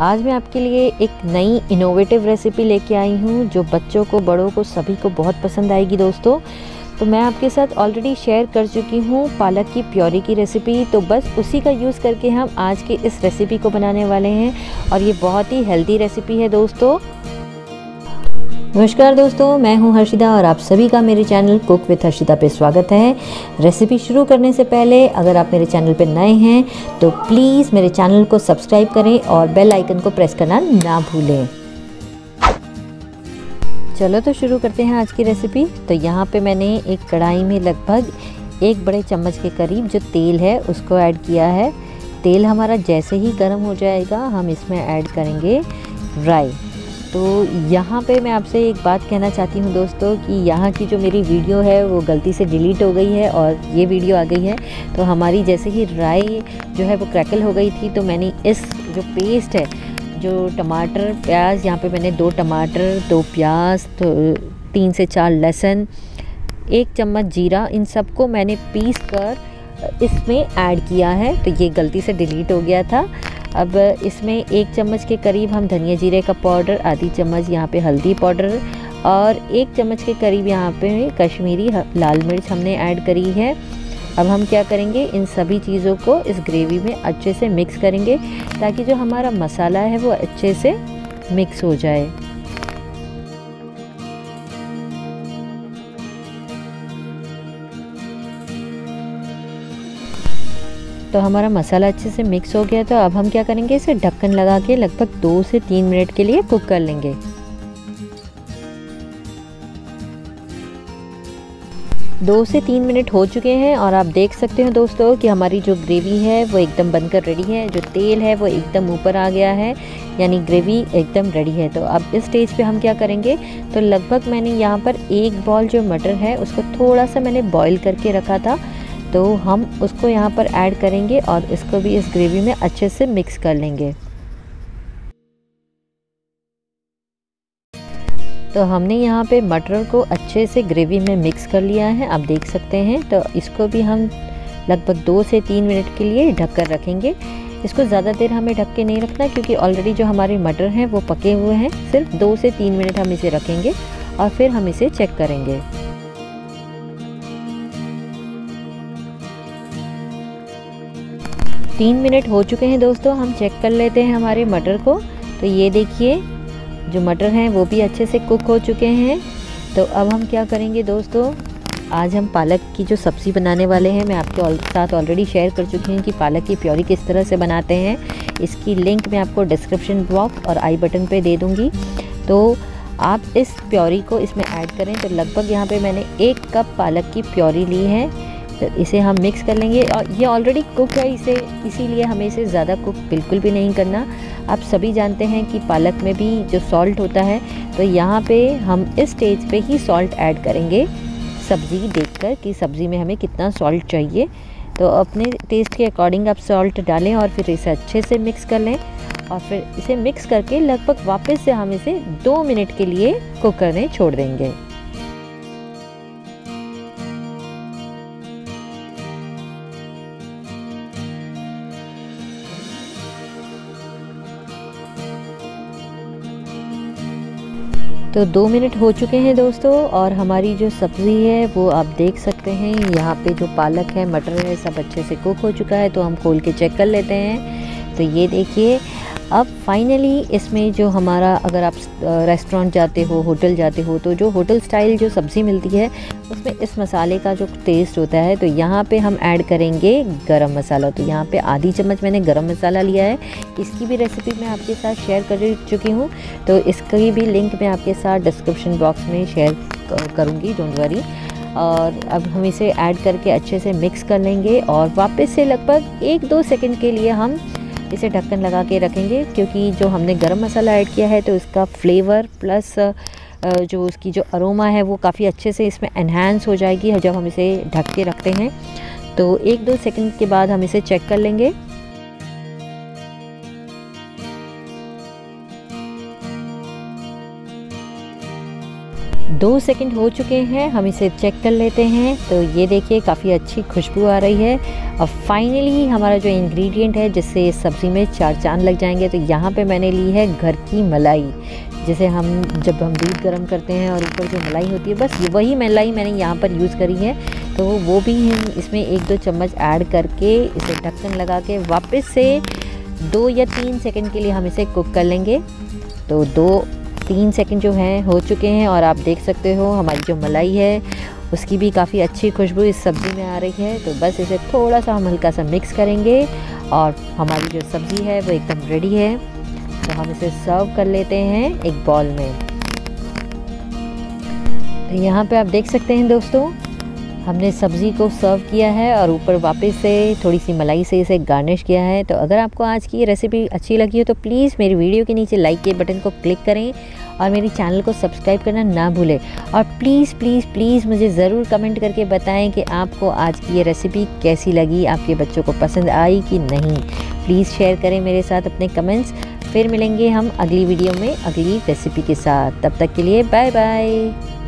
आज मैं आपके लिए एक नई इनोवेटिव रेसिपी लेके आई हूँ जो बच्चों को बड़ों को सभी को बहुत पसंद आएगी दोस्तों तो मैं आपके साथ ऑलरेडी शेयर कर चुकी हूँ पालक की प्योरी की रेसिपी तो बस उसी का यूज़ करके हम आज की इस रेसिपी को बनाने वाले हैं और ये बहुत ही हेल्दी रेसिपी है दोस्तों नमस्कार दोस्तों मैं हूं हर्षिदा और आप सभी का मेरे चैनल कुक विथ हर्षिदा पे स्वागत है रेसिपी शुरू करने से पहले अगर आप मेरे चैनल पे नए हैं तो प्लीज़ मेरे चैनल को सब्सक्राइब करें और बेल आइकन को प्रेस करना ना भूलें चलो तो शुरू करते हैं आज की रेसिपी तो यहाँ पे मैंने एक कढ़ाई में लगभग एक बड़े चम्मच के करीब जो तेल है उसको ऐड किया है तेल हमारा जैसे ही गर्म हो जाएगा हम इसमें ऐड करेंगे राई तो यहाँ पे मैं आपसे एक बात कहना चाहती हूँ दोस्तों कि यहाँ की जो मेरी वीडियो है वो गलती से डिलीट हो गई है और ये वीडियो आ गई है तो हमारी जैसे ही राय जो है वो क्रैकल हो गई थी तो मैंने इस जो पेस्ट है जो टमाटर प्याज यहाँ पे मैंने दो टमाटर दो प्याज तो तीन से चार लहसुन एक चम्मच जीरा इन सबको मैंने पीस कर इसमें ऐड किया है तो ये गलती से डिलीट हो गया था अब इसमें एक चम्मच के करीब हम धनिया जीरे का पाउडर आधी चम्मच यहाँ पे हल्दी पाउडर और एक चम्मच के करीब यहाँ पे कश्मीरी लाल मिर्च हमने ऐड करी है अब हम क्या करेंगे इन सभी चीज़ों को इस ग्रेवी में अच्छे से मिक्स करेंगे ताकि जो हमारा मसाला है वो अच्छे से मिक्स हो जाए तो हमारा मसाला अच्छे से मिक्स हो गया तो अब हम क्या करेंगे इसे ढक्कन लगा के लगभग दो से तीन मिनट के लिए कुक कर लेंगे दो से तीन मिनट हो चुके हैं और आप देख सकते हैं दोस्तों कि हमारी जो ग्रेवी है वो एकदम बनकर रेडी है जो तेल है वो एकदम ऊपर आ गया है यानी ग्रेवी एकदम रेडी है तो अब इस स्टेज पे हम क्या करेंगे तो लगभग मैंने यहाँ पर एक बॉल जो मटर है उसको थोड़ा सा मैंने बॉईल करके रखा था तो हम उसको यहाँ पर ऐड करेंगे और इसको भी इस ग्रेवी में अच्छे से मिक्स कर लेंगे तो हमने यहाँ पे मटर को अच्छे से ग्रेवी में मिक्स कर लिया है आप देख सकते हैं तो इसको भी हम लगभग दो से तीन मिनट के लिए ढककर रखेंगे इसको ज़्यादा देर हमें ढक के नहीं रखना क्योंकि ऑलरेडी जो हमारे मटर हैं वो पके हुए हैं सिर्फ दो से तीन मिनट हम इसे रखेंगे और फिर हम इसे चेक करेंगे तीन मिनट हो चुके हैं दोस्तों हम चेक कर लेते हैं हमारे मटर को तो ये देखिए जो मटर हैं वो भी अच्छे से कुक हो चुके हैं तो अब हम क्या करेंगे दोस्तों आज हम पालक की जो सब्ज़ी बनाने वाले हैं मैं आपके साथ ऑलरेडी शेयर कर चुकी हूँ कि पालक की प्योरी किस तरह से बनाते हैं इसकी लिंक मैं आपको डिस्क्रिप्शन बॉक्स और आई बटन पे दे दूँगी तो आप इस प्योरी को इसमें ऐड करें तो लगभग यहाँ पे मैंने एक कप पालक की प्योरी ली है तो इसे हम मिक्स कर लेंगे और ये ऑलरेडी कुक है इसे इसीलिए हमें इसे ज़्यादा कुक बिल्कुल भी नहीं करना आप सभी जानते हैं कि पालक में भी जो सॉल्ट होता है तो यहाँ पे हम इस स्टेज पे ही सॉल्ट ऐड करेंगे सब्ज़ी देखकर कि सब्ज़ी में हमें कितना सॉल्ट चाहिए तो अपने टेस्ट के अकॉर्डिंग आप सॉल्ट डालें और फिर इसे अच्छे से मिक्स कर लें और फिर इसे मिक्स करके लगभग वापस से हम इसे दो मिनट के लिए कुक करने छोड़ देंगे तो दो मिनट हो चुके हैं दोस्तों और हमारी जो सब्ज़ी है वो आप देख सकते हैं यहाँ पे जो पालक है मटर है सब अच्छे से कुक हो चुका है तो हम खोल के चेक कर लेते हैं तो ये देखिए अब फाइनली इसमें जो हमारा अगर आप रेस्टोरेंट जाते हो होटल जाते हो तो जो होटल स्टाइल जो सब्ज़ी मिलती है उसमें इस मसाले का जो टेस्ट होता है तो यहाँ पे हम ऐड करेंगे गरम मसाला तो यहाँ पे आधी चम्मच मैंने गरम मसाला लिया है इसकी भी रेसिपी मैं आपके साथ शेयर कर चुकी हूँ तो इसकी भी लिंक मैं आपके साथ डिस्क्रिप्शन बॉक्स में शेयर करूँगी डोंट वरी और अब हम इसे ऐड करके अच्छे से मिक्स कर लेंगे और वापस से लगभग एक दो सेकेंड के लिए हम इसे ढक्कन लगा के रखेंगे क्योंकि जो हमने गरम मसाला ऐड किया है तो इसका फ्लेवर प्लस जो उसकी जो अरोमा है वो काफ़ी अच्छे से इसमें इन्हेंस हो जाएगी जब हम इसे ढक के रखते हैं तो एक दो सेकंड के बाद हम इसे चेक कर लेंगे दो सेकंड हो चुके हैं हम इसे चेक कर लेते हैं तो ये देखिए काफ़ी अच्छी खुशबू आ रही है और फाइनली हमारा जो इंग्रेडिएंट है जिससे सब्ज़ी में चार चांद लग जाएंगे तो यहाँ पे मैंने ली है घर की मलाई जैसे हम जब हम दूध गर्म करते हैं और ऊपर जो मलाई होती है बस वही मलाई मैंने यहाँ पर यूज़ करी है तो वो भी हम इसमें एक दो चम्मच ऐड करके इसे ढक्कन लगा के वापस से दो या तीन सेकेंड के लिए हम इसे कुक कर लेंगे तो दो तीन सेकंड जो हैं हो चुके हैं और आप देख सकते हो हमारी जो मलाई है उसकी भी काफ़ी अच्छी खुशबू इस सब्ज़ी में आ रही है तो बस इसे थोड़ा सा हम हल्का सा मिक्स करेंगे और हमारी जो सब्ज़ी है वो एकदम रेडी है तो हम इसे सर्व कर लेते हैं एक बॉल में तो यहाँ पे आप देख सकते हैं दोस्तों हमने सब्ज़ी को सर्व किया है और ऊपर वापस से थोड़ी सी मलाई से इसे गार्निश किया है तो अगर आपको आज की ये रेसिपी अच्छी लगी हो तो प्लीज़ मेरी वीडियो के नीचे लाइक के बटन को क्लिक करें और मेरे चैनल को सब्सक्राइब करना ना भूलें और प्लीज़ प्लीज़ प्लीज़ मुझे ज़रूर कमेंट करके बताएं कि आपको आज की ये रेसिपी कैसी लगी आपके बच्चों को पसंद आई कि नहीं प्लीज़ शेयर करें मेरे साथ अपने कमेंट्स फिर मिलेंगे हम अगली वीडियो में अगली रेसिपी के साथ तब तक के लिए बाय बाय